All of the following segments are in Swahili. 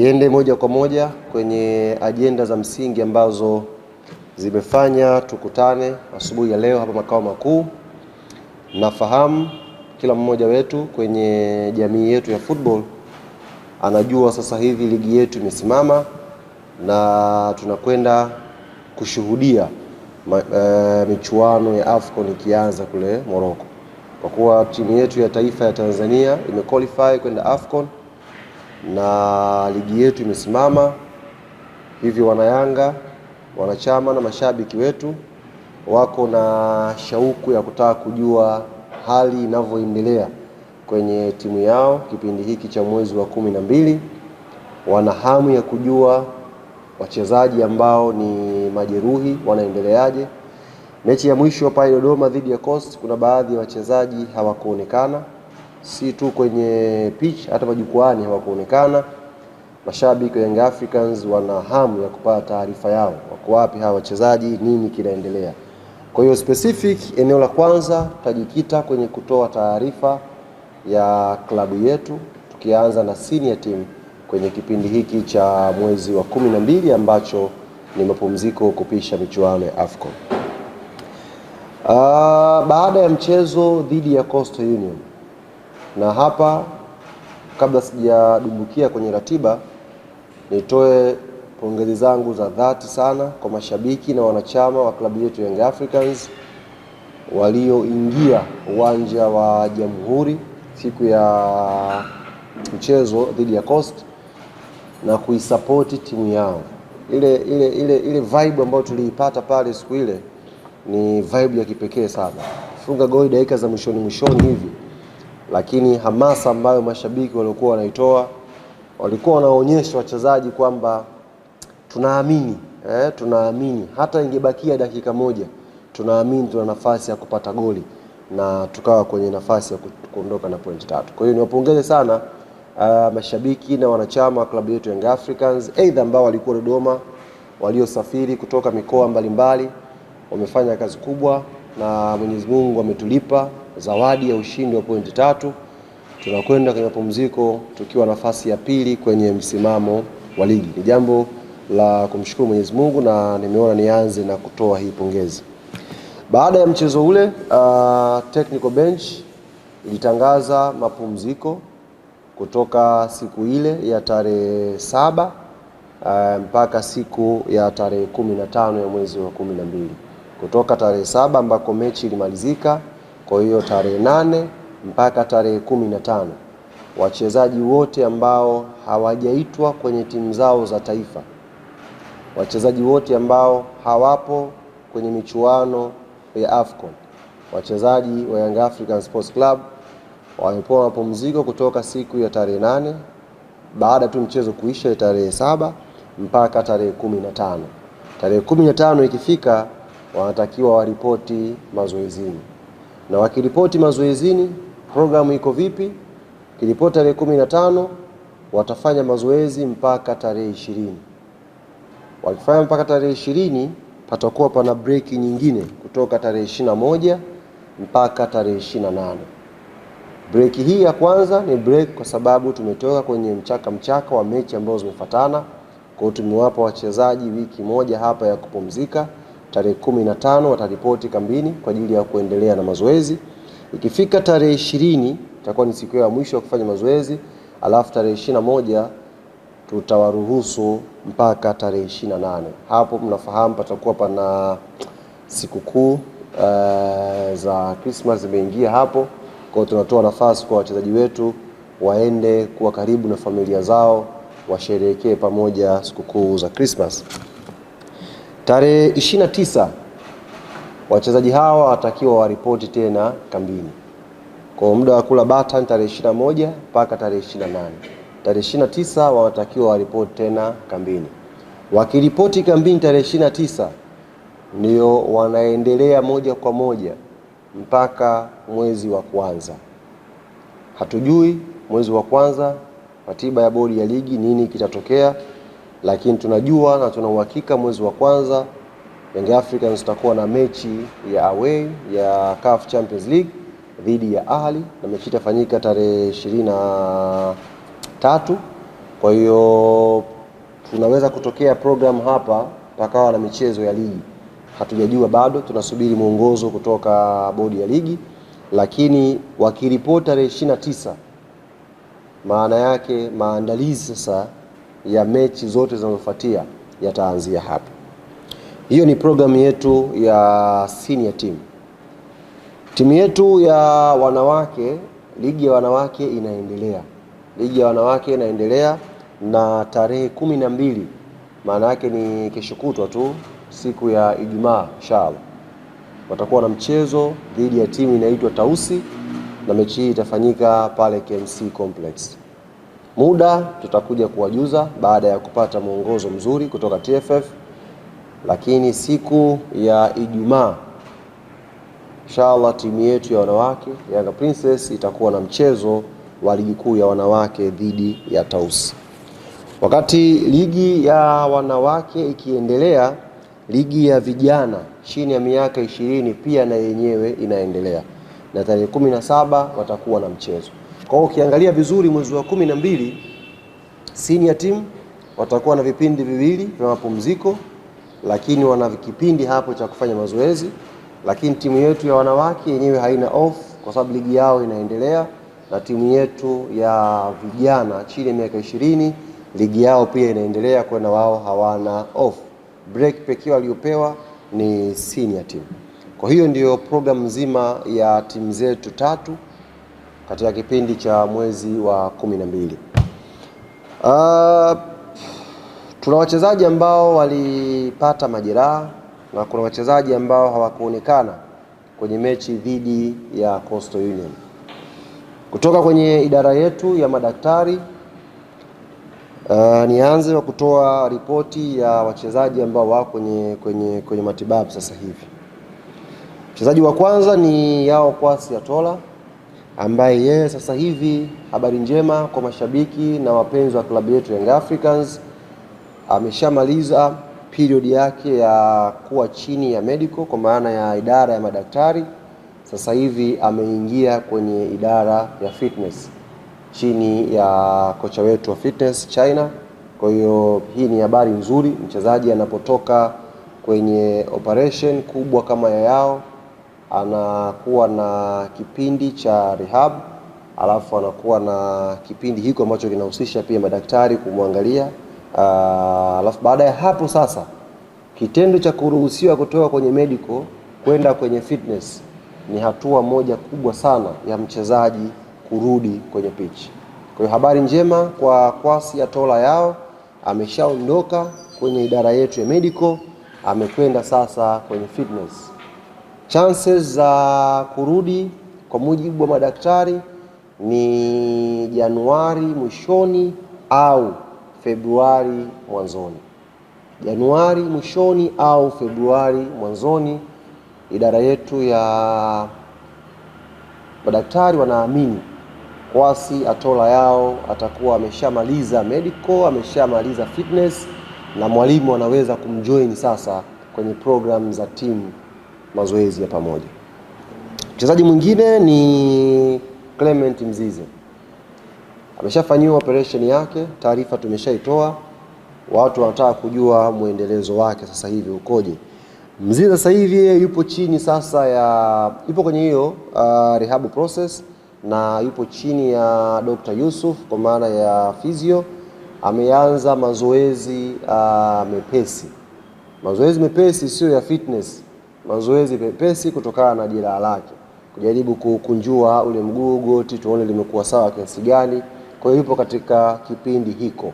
iende moja kwa moja kwenye ajenda za msingi ambazo zimefanya tukutane asubuhi ya leo hapa makao makuu. Nafahamu kila mmoja wetu kwenye jamii yetu ya football anajua sasa hivi ligi yetu imesimama na tunakwenda kushuhudia ma, e, michuano ya AFCON ikianza kule Morocco. Kwa kuwa timu yetu ya taifa ya Tanzania imequalify kwenda AFCON na ligi yetu imesimama. Hivyo wanayanga, wanachama na mashabiki wetu wako na shauku ya kutaka kujua hali inavyoendelea kwenye timu yao kipindi hiki cha mwezi wa kumi na mbili. Wana hamu ya kujua wachezaji ambao ni majeruhi wanaendeleaje. Mechi ya mwisho pale Dodoma dhidi ya Coast, kuna baadhi ya wachezaji hawakuonekana si tu kwenye pitch, hata majukwaani hawakuonekana. Mashabiki wa Young Africans wana hamu ya kupata taarifa yao, wako wapi hawa wachezaji, nini kinaendelea. Kwa hiyo specific, eneo la kwanza tutajikita kwenye kutoa taarifa ya klabu yetu, tukianza na senior team kwenye kipindi hiki cha mwezi wa kumi na mbili ambacho ni mapumziko kupisha michuano ya AFCON. Uh, baada ya mchezo dhidi ya Coastal Union na hapa kabla sijadumbukia kwenye ratiba, nitoe pongezi zangu za dhati sana kwa mashabiki na wanachama wa klabu yetu Young Africans walioingia uwanja wa Jamhuri siku ya mchezo dhidi ya Coast na kuisapoti timu yao. Ile, ile, ile, ile vibe ambayo tuliipata pale siku ile ni vibe ya kipekee sana. Funga goli dakika za mwishoni mwishoni hivi lakini hamasa ambayo mashabiki waliokuwa wanaitoa, walikuwa wanaonyesha wachezaji kwamba tunaamini eh, tunaamini hata ingebakia dakika moja, tunaamini tuna nafasi ya kupata goli na tukawa kwenye nafasi ya kuondoka na pointi tatu. Kwa hiyo niwapongeze sana uh, mashabiki na wanachama wa klabu yetu Young Africans, aidha ambao walikuwa Dodoma, waliosafiri kutoka mikoa mbalimbali, wamefanya kazi kubwa na Mwenyezi Mungu ametulipa zawadi ya ushindi wa pointi tatu. Tunakwenda kwenye mapumziko tukiwa nafasi ya pili kwenye msimamo wa ligi. Ni jambo la kumshukuru Mwenyezi Mungu na nimeona nianze na kutoa hii pongezi. Baada ya mchezo ule, uh, technical bench ilitangaza mapumziko kutoka siku ile ya tarehe saba uh, mpaka siku ya tarehe kumi na tano ya mwezi wa kumi na mbili kutoka tarehe saba ambako mechi ilimalizika kwa hiyo tarehe nane mpaka tarehe kumi na tano wachezaji wote ambao hawajaitwa kwenye timu zao za taifa, wachezaji wote ambao hawapo kwenye michuano ya AFCON, wachezaji wa Young African Sports Club wamepewa mapumziko kutoka siku ya tarehe nane baada tu mchezo kuisha ya tarehe saba mpaka tarehe kumi na tano. Tarehe kumi na tano ikifika wanatakiwa waripoti mazoezini na wakiripoti mazoezini programu iko vipi, kiripoti tarehe kumi na tano watafanya mazoezi mpaka tarehe ishirini. Wakifanya mpaka tarehe ishirini patakuwa pana breki nyingine kutoka tarehe ishirini na moja mpaka tarehe ishirini na nane. Breki hii ya kwanza ni break kwa sababu tumetoka kwenye mchaka mchaka wa mechi ambazo zimefuatana, kwa hiyo tumewapa wachezaji wiki moja hapa ya kupumzika tarehe kumi na tano wataripoti kambini kwa ajili ya kuendelea na mazoezi. Ikifika tarehe ishirini itakuwa ni siku ya mwisho ya kufanya mazoezi, alafu tarehe ishirini na moja tutawaruhusu mpaka tarehe ishirini na nane. Hapo mnafahamu patakuwa pana sikukuu uh, za Christmas zimeingia hapo, kwao, tunatoa nafasi kwa wachezaji wetu waende kuwa karibu na familia zao washerehekee pamoja sikukuu za Christmas. Tarehe tisa wachezaji hawa watakiwa waripoti tena kambini kwa muda wa kula bata ni tarehe moja mpaka tarehe nane Tarehe tisa wanatakiwa waripoti tena kambini. Wakiripoti kambini tarehe tisa ndio wanaendelea moja kwa moja mpaka mwezi wa kwanza. Hatujui mwezi wa kwanza, ratiba ya bodi ya ligi nini kitatokea lakini tunajua na tuna uhakika mwezi wa kwanza Young Africans tutakuwa na mechi ya away ya CAF Champions League dhidi ya Ahli na mechi itafanyika tarehe ishirini na tatu. Kwa hiyo tunaweza kutokea program hapa pakawa na michezo ya ligi, hatujajua bado, tunasubiri mwongozo kutoka bodi ya ligi, lakini wakiripoti tarehe ishirini na tisa maana yake maandalizi sasa ya mechi zote zinazofuatia yataanzia hapa. Hiyo ni programu yetu ya senior team. Timu yetu ya wanawake, ligi ya wanawake inaendelea, ligi ya wanawake inaendelea na tarehe kumi na mbili, maana yake ni kesho kutwa tu, siku ya Ijumaa inshallah, watakuwa na mchezo dhidi ya timu inaitwa Tausi na mechi hii itafanyika pale KMC Complex. Muda tutakuja kuwajuza baada ya kupata mwongozo mzuri kutoka TFF, lakini siku ya Ijumaa inshallah timu yetu ya wanawake Yanga Princess itakuwa na mchezo wa ligi kuu ya wanawake dhidi ya Tausi. Wakati ligi ya wanawake ikiendelea, ligi ya vijana chini ya miaka ishirini pia na yenyewe inaendelea, na tarehe kumi na saba watakuwa na mchezo. Kwa hiyo ukiangalia vizuri mwezi wa kumi na mbili senior team watakuwa na vipindi viwili vya mapumziko, lakini wana kipindi hapo cha kufanya mazoezi, lakini timu yetu ya wanawake yenyewe haina off kwa sababu ligi yao inaendelea, na timu yetu ya vijana chini ya miaka ishirini ligi yao pia inaendelea, kwa na wao hawana off. Break pekee waliopewa ni senior team. Kwa hiyo ndiyo program nzima ya timu zetu tatu katika kipindi cha mwezi wa kumi na mbili. Uh, tuna wachezaji ambao walipata majeraha na kuna wachezaji ambao hawakuonekana kwenye mechi dhidi ya Coastal Union. Kutoka kwenye idara yetu ya madaktari uh, nianze kwa kutoa ripoti ya wachezaji ambao wako kwenye, kwenye, kwenye matibabu sasa hivi. Mchezaji wa kwanza ni Yao Kwasi Atola ambaye yeye sasa hivi, habari njema kwa mashabiki na wapenzi wa klabu yetu Young Africans, ameshamaliza period yake ya kuwa chini ya medical kwa maana ya idara ya madaktari. Sasa hivi ameingia kwenye idara ya fitness chini ya kocha wetu wa fitness China. Kwa hiyo hii ni habari nzuri, mchezaji anapotoka kwenye operation kubwa kama ya yao anakuwa na kipindi cha rehab, alafu anakuwa na kipindi hiko ambacho kinahusisha pia madaktari kumwangalia. Ah, alafu baada ya hapo sasa, kitendo cha kuruhusiwa kutoka kwenye medical kwenda kwenye fitness ni hatua moja kubwa sana ya mchezaji kurudi kwenye pitch. Kwa hiyo habari njema kwa Kwasi ya tola yao ameshaondoka kwenye idara yetu ya medical, amekwenda sasa kwenye fitness chances za kurudi kwa mujibu wa madaktari ni Januari mwishoni au Februari mwanzoni. Januari mwishoni au Februari mwanzoni. Idara yetu ya madaktari wanaamini Kwasi Atola yao atakuwa ameshamaliza medical, ameshamaliza fitness na mwalimu anaweza kumjoin sasa kwenye program za timu mazoezi ya pamoja. Mchezaji mwingine ni Clement Mzize, ameshafanyiwa operation yake, taarifa tumeshaitoa, watu wanataka kujua mwendelezo wake sasa hivi ukoje. Mzize sasa hivi yupo chini sasa ya yupo kwenye hiyo uh, rehab process na yupo chini ya Dr. Yusuf kwa maana ya physio. Ameanza mazoezi uh, mepesi, mazoezi mepesi sio ya fitness mazoezi mepesi kutokana na jeraha lake, kujaribu kukunjua ule mguu, goti, tuone limekuwa sawa kiasi gani. Kwa hiyo yupo katika kipindi hiko,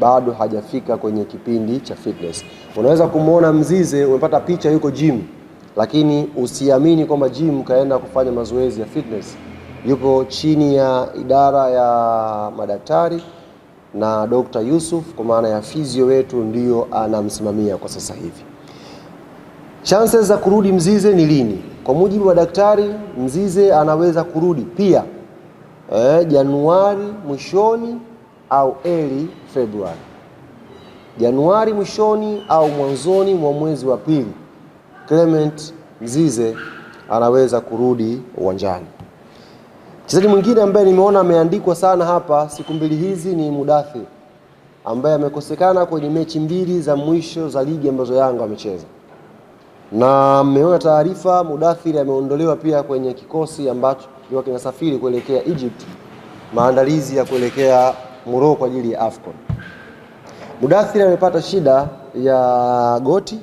bado hajafika kwenye kipindi cha fitness. Unaweza kumwona Mzize, umepata picha, yuko gym, lakini usiamini kwamba gym kaenda kufanya mazoezi ya fitness. Yupo chini ya idara ya madaktari na Dr. Yusuf, kwa maana ya fizio wetu ndiyo anamsimamia kwa sasa hivi. Chances za kurudi Mzize ni lini? Kwa mujibu wa daktari, Mzize anaweza kurudi pia eh, Januari mwishoni au early Februari, Januari mwishoni au mwanzoni mwa mwezi wa pili, Clement Mzize anaweza kurudi uwanjani. Mchezaji mwingine ambaye nimeona ameandikwa sana hapa siku mbili hizi ni Mudathi ambaye amekosekana kwenye mechi mbili za mwisho za ligi ambazo Yanga amecheza na mmeona taarifa, Mudathiri ameondolewa pia kwenye kikosi ambacho kilikuwa kinasafiri kuelekea Egypt, maandalizi ya kuelekea Morocco kwa ajili ya AFCON. Mudathiri amepata shida ya goti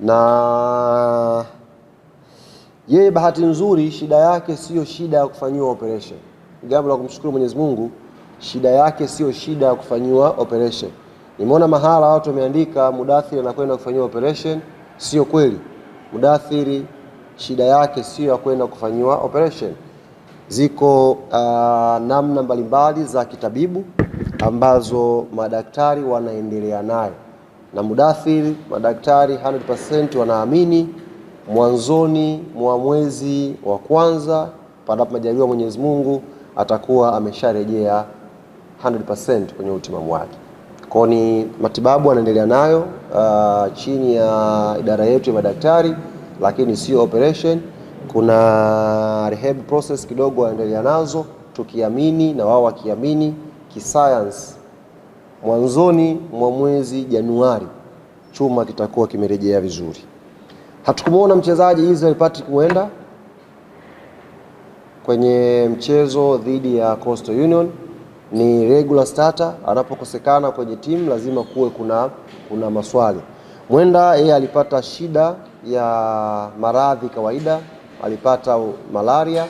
na yeye bahati nzuri shida yake siyo shida ya kufanyiwa operation. Jambo la kumshukuru Mwenyezi Mungu, shida yake siyo shida ya kufanyiwa operation. Nimeona mahala watu wameandika Mudathiri anakwenda kufanyiwa operation. Sio kweli, mudathiri shida yake sio ya kwenda kufanyiwa operation. Ziko uh, namna mbalimbali za kitabibu ambazo madaktari wanaendelea nayo na mudathiri. Madaktari 100% wanaamini mwanzoni mwa mwezi wa kwanza, panapo majaliwa Mwenyezi Mungu, atakuwa amesharejea 100% kwenye utimamu wake. Kwa ni matibabu anaendelea nayo uh, chini ya idara yetu ya madaktari, lakini sio operation. Kuna rehab process kidogo anaendelea nazo, tukiamini na wao wakiamini kisayansi, mwanzoni mwa mwezi Januari chuma kitakuwa kimerejea vizuri. Hatukumwona mchezaji Israel Patrick Mwenda kwenye mchezo dhidi ya Coastal Union ni regular starter, anapokosekana kwenye timu lazima kuwe kuna, kuna maswali. Mwenda yeye alipata shida ya maradhi kawaida, alipata malaria,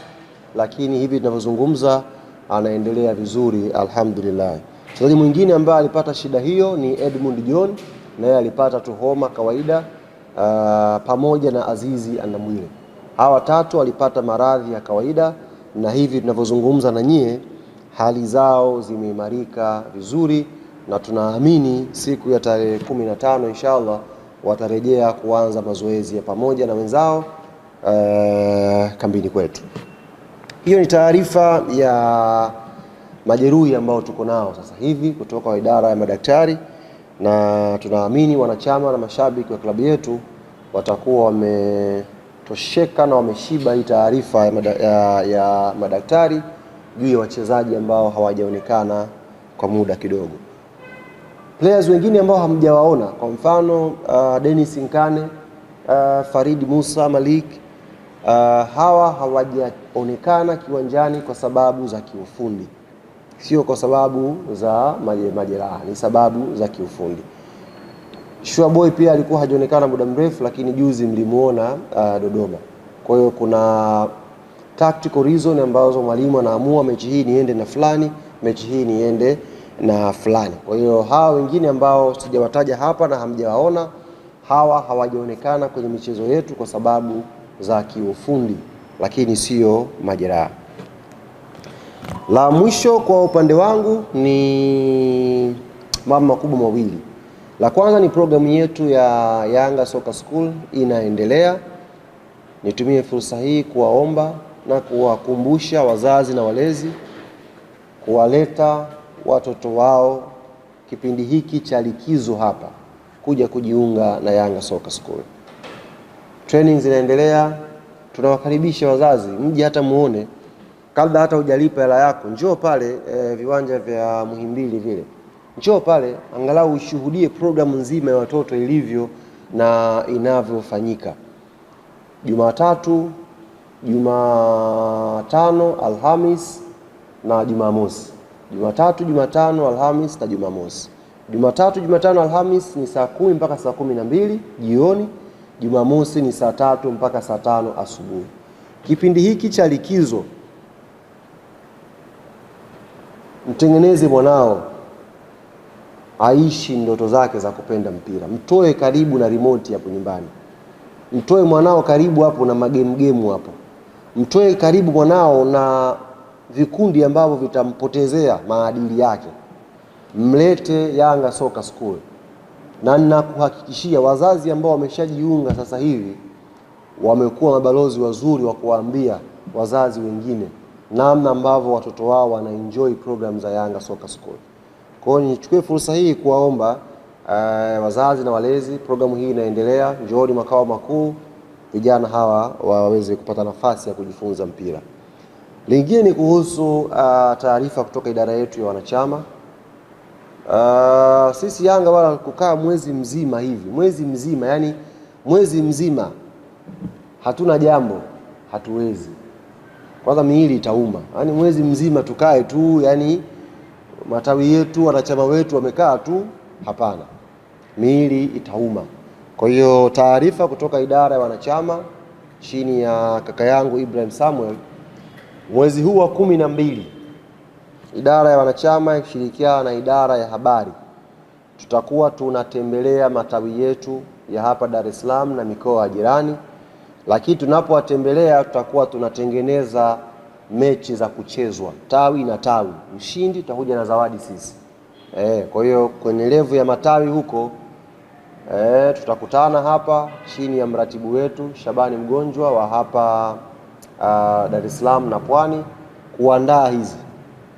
lakini hivi tunavyozungumza anaendelea vizuri alhamdulillah. Mchezaji mwingine ambaye alipata shida hiyo ni Edmund John, naye alipata tu homa kawaida uh, pamoja na Azizi Andamwile. Hawa tatu walipata maradhi ya kawaida na hivi tunavyozungumza na nyie hali zao zimeimarika vizuri, na tunaamini siku ya tarehe kumi na tano inshallah watarejea kuanza mazoezi ya pamoja na wenzao uh, kambini kwetu. Hiyo ni taarifa ya majeruhi ambao tuko nao sasa hivi kutoka wa idara ya madaktari, na tunaamini wanachama na mashabiki wa klabu yetu watakuwa wametosheka na wameshiba hii taarifa ya, mada, ya, ya madaktari juu ya wachezaji ambao hawajaonekana kwa muda kidogo. Players wengine ambao hamjawaona kwa mfano uh, Dennis Nkane uh, Farid Musa Malik uh, hawa hawajaonekana kiwanjani kwa sababu za kiufundi, sio kwa sababu za majeraha, ni sababu za kiufundi. Shua Boy pia alikuwa hajaonekana muda mrefu, lakini juzi mlimuona uh, Dodoma. Kwa hiyo kuna tactical reason ambazo mwalimu anaamua mechi hii niende na fulani, mechi hii niende na fulani. Kwa hiyo hawa wengine ambao sijawataja hapa na hamjawaona, hawa hawajaonekana kwenye michezo yetu kwa sababu za kiufundi, lakini sio majeraha. La mwisho kwa upande wangu ni mambo makubwa mawili. La kwanza ni programu yetu ya Yanga Soccer School inaendelea. Nitumie fursa hii kuwaomba na kuwakumbusha wazazi na walezi kuwaleta watoto wao kipindi hiki cha likizo hapa kuja kujiunga na Yanga Soka School. Training zinaendelea, tunawakaribisha wazazi mje hata muone, kabla hata hujalipa hela yako, njoo pale e, viwanja vya Muhimbili vile, njoo pale angalau ushuhudie programu nzima ya watoto ilivyo na inavyofanyika Jumatatu Jumatano, Alhamis na Jumamosi. Jumatatu, Jumatano, Alhamis na Jumamosi. Jumatatu, Jumatano, Alhamis ni saa kumi mpaka saa kumi na mbili jioni. Jumamosi ni saa tatu mpaka saa tano asubuhi. Kipindi hiki cha likizo mtengeneze mwanao aishi ndoto zake za kupenda mpira, mtoe karibu na remote hapo nyumbani, mtoe mwanao karibu hapo na magemgemu hapo mtoe karibu mwanao na vikundi ambavyo vitampotezea maadili yake, mlete Yanga Soka School, na ninakuhakikishia wazazi ambao wameshajiunga sasa hivi wamekuwa mabalozi wazuri wa kuwaambia wazazi wengine namna ambavyo watoto wao wana enjoy program za Yanga Soka School. Kwa hiyo nichukue fursa hii kuwaomba uh, wazazi na walezi, programu hii inaendelea, njooni makao makuu vijana hawa waweze kupata nafasi ya kujifunza mpira. Lingine ni kuhusu uh, taarifa kutoka idara yetu ya wanachama. Uh, sisi Yanga wala kukaa mwezi mzima hivi, mwezi mzima yani, mwezi mzima hatuna jambo, hatuwezi. Kwanza miili itauma, yani mwezi mzima tukae tu, yani matawi yetu wanachama wetu wamekaa tu, hapana, miili itauma. Kwa hiyo taarifa kutoka idara ya wanachama chini ya kaka yangu Ibrahim Samuel, mwezi huu wa kumi na mbili idara ya wanachama ikishirikiana na idara ya habari tutakuwa tunatembelea matawi yetu ya hapa Dar es Salaam na mikoa ya jirani, lakini tunapowatembelea tutakuwa tunatengeneza mechi za kuchezwa tawi na tawi. Mshindi tutakuja na zawadi sisi. Eh, kwa hiyo kwenye levu ya matawi huko E, tutakutana hapa chini ya mratibu wetu Shabani Mgonjwa wa hapa uh, Dar es Salaam na Pwani kuandaa hizi.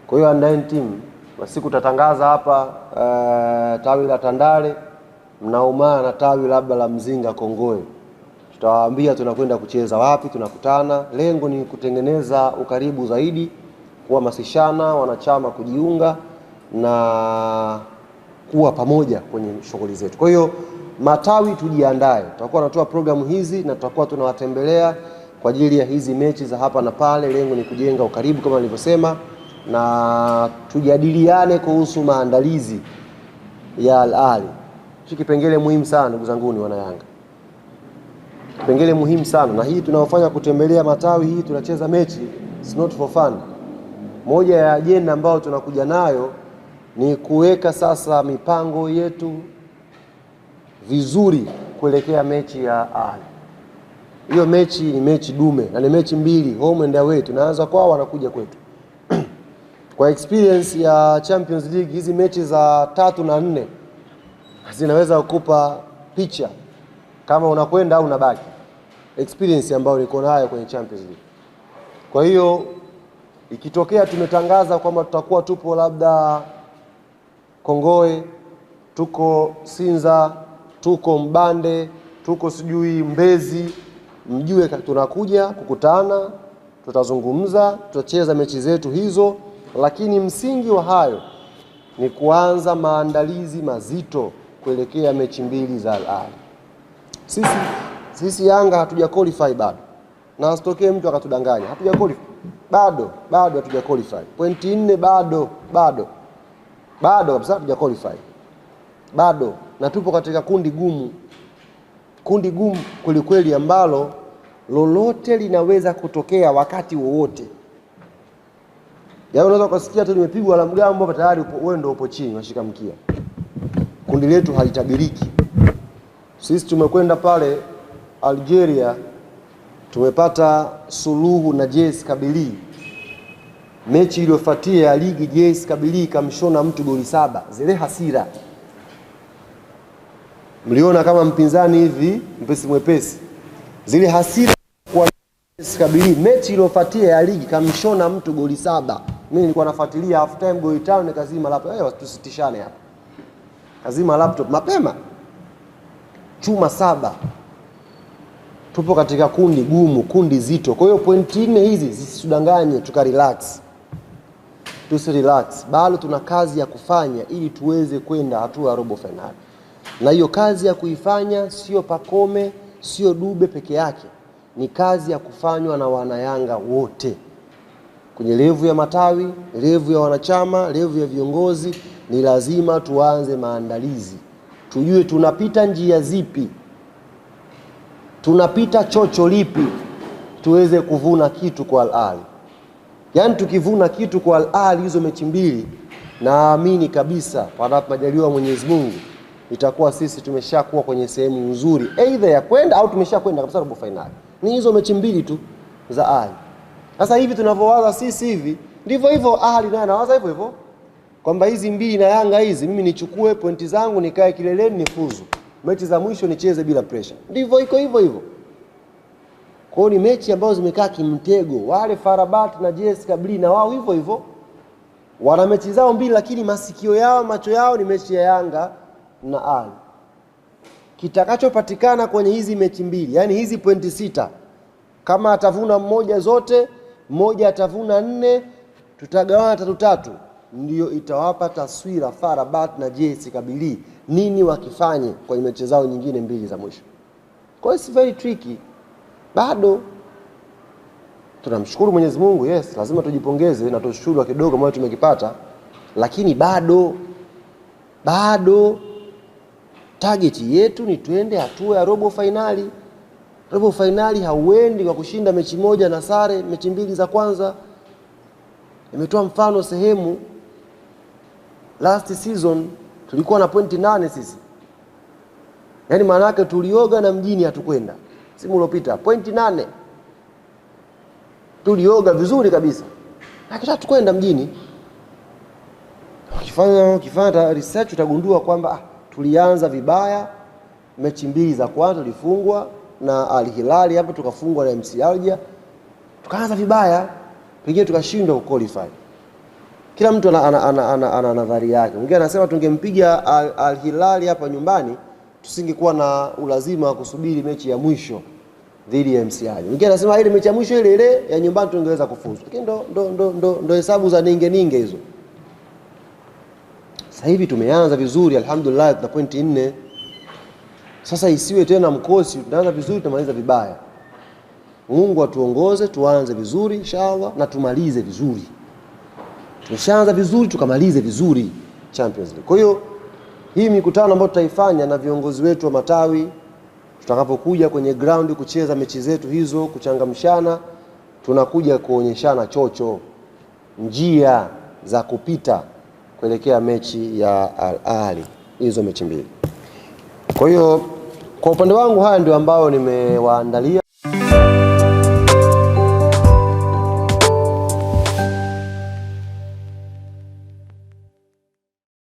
Kwa hiyo andaeni timu na siku tutatangaza hapa uh, tawi la Tandale mnaumaa na tawi labda la Mzinga Kongoe, tutawaambia tunakwenda kucheza wapi, tunakutana. Lengo ni kutengeneza ukaribu zaidi, kuhamasishana wanachama kujiunga na kuwa pamoja kwenye shughuli zetu, kwa hiyo Matawi tujiandae, tutakuwa tunatoa programu hizi na tutakuwa tunawatembelea kwa ajili ya hizi mechi za hapa na pale. Lengo ni kujenga ukaribu kama nilivyosema, na tujadiliane kuhusu maandalizi ya Al Ahly. Hiki kipengele muhimu sana ndugu ni wana Yanga, kipengele muhimu sana na hii tunaofanya kutembelea matawi, hii tunacheza mechi, it's not for fun. Moja ya ajenda ambayo tunakuja nayo ni kuweka sasa mipango yetu vizuri kuelekea mechi ya Ahli. hiyo mechi ni mechi dume na ni mechi mbili home and away, tunaanza kwao wanakuja kwetu. Kwa experience ya Champions League, hizi mechi za tatu na nne zinaweza kukupa picha kama unakwenda au unabaki, experience ambayo niko nayo kwenye Champions League. Kwa hiyo ikitokea tumetangaza kwamba tutakuwa tupo labda Kongoe, tuko Sinza tuko Mbande, tuko sijui Mbezi, mjue tunakuja kukutana, tutazungumza, tutacheza mechi zetu hizo, lakini msingi wa hayo ni kuanza maandalizi mazito kuelekea mechi mbili za Al Ahly. Sisi, sisi Yanga hatuja qualify bado, na asitokee mtu akatudanganya, hatuja qualify bado, bado hatuja qualify. Pointi nne bado, bado, bado kabisa hatuja qualify bado na tupo katika kundi gumu, kundi gumu kwelikweli, ambalo lolote linaweza kutokea wakati wowote. Yaani unaweza ukasikia tu nimepigwa la mgambo hapa, tayari wewe ndio upo chini unashika mkia. Kundi letu halitabiriki. Sisi tumekwenda pale Algeria tumepata suluhu na JS Kabili. Mechi iliyofuatia ya ligi JS Kabili kamshona mtu goli saba, zile hasira mliona kama mpinzani hivi mpesi mwepesi, zile hasira kwa kabili. Mechi iliyofuatia ya ligi kamshona mtu goli saba. Mimi nilikuwa nafuatilia half time, goli tano, nikazima laptop. Hey, eh, tusitishane hapa, kazima laptop mapema, chuma saba. Tupo katika kundi gumu, kundi zito. Kwa hiyo pointi nne hizi zisitudanganye, tuka relax tusi relax, bado tuna kazi ya kufanya ili tuweze kwenda hatua ya robo fainali na hiyo kazi ya kuifanya sio pakome sio Dube peke yake, ni kazi ya kufanywa na wanayanga wote kwenye levu ya matawi, levu ya wanachama, levu ya viongozi. Ni lazima tuanze maandalizi, tujue tunapita njia zipi, tunapita chocho lipi, tuweze kuvuna kitu kwa Al Ahly. Yaani tukivuna kitu kwa Al Ahly hizo mechi mbili, naamini kabisa, panapo majaliwa Mwenyezi Mungu itakuwa sisi tumeshakuwa kwenye sehemu nzuri aidha ya kwenda au tumeshakwenda kabisa robo finali. Ni hizo mechi mbili tu za Ahli. Sasa hivi tunavyowaza sisi hivi ndivyo hivyo Ahli naye anawaza hivyo hivyo kwamba hizi mbili na Yanga hizi mimi nichukue pointi zangu nikae kileleni nifuzu, mechi za mwisho nicheze bila pressure. Ndivyo iko hivyo hivyo. Kwa hiyo ni mechi ambazo zimekaa kimtego, wale Farabat na JS Kabylie na wao hivyo hivyo, wana mechi zao mbili, lakini masikio yao macho yao ni mechi ya Yanga na Ali kitakachopatikana kwenye hizi mechi mbili, yaani hizi pointi sita, kama atavuna mmoja zote, mmoja atavuna nne, tutagawana tatu tatu, ndiyo itawapa taswira Farabat na JS Kabylie nini wakifanye kwenye mechi zao nyingine mbili za mwisho. Kwa hiyo si very tricky, bado tunamshukuru Mwenyezi Mungu. Yes, lazima tujipongeze na tushukuru kidogo ambayo tumekipata, lakini bado bado Target yetu ni tuende hatua ya robo fainali. Robo fainali hauendi kwa kushinda mechi moja na sare mechi mbili za kwanza. Nimetoa mfano sehemu, last season tulikuwa na pointi nane sisi, yaani maana yake tulioga na mjini hatukwenda. Simu iliyopita pointi nane tulioga vizuri kabisa, lakini hatukwenda mjini. Ukifanya ukifanya research utagundua kwamba ah, tulianza vibaya, mechi mbili za kwanza tulifungwa na Al Hilal hapo, tukafungwa na MC Alger, tukaanza vibaya, pengine tukashindwa kuqualify. Kila mtu ana, ana, ana, ana, ana nadhari yake. Mwingine anasema tungempiga Al, Hilal hapa nyumbani tusingekuwa na ulazima wa kusubiri mechi ya mwisho dhidi ya MC Alger. Mwingine anasema ile mechi ya mwisho ile ile ya nyumbani tungeweza kufuzu, lakini ndo, ndo, ndo, ndo, ndo hesabu za ninge ninge hizo. Sasa hivi tumeanza vizuri alhamdulillah, tuna pointi nne. Sasa isiwe tena mkosi, tunaanza vizuri tunamaliza vibaya. Mungu atuongoze tuanze vizuri inshallah na tumalize vizuri. Tumeshaanza vizuri tukamalize vizuri Champions League. Kwa hiyo hii mikutano ambayo tutaifanya na viongozi wetu wa matawi tutakapokuja kwenye ground kucheza mechi zetu hizo, kuchangamshana, tunakuja kuonyeshana chocho, njia za kupita kuelekea mechi ya Al Ahly, hizo mechi mbili. Kwa hiyo kwa upande wangu haya ndio ambayo nimewaandalia.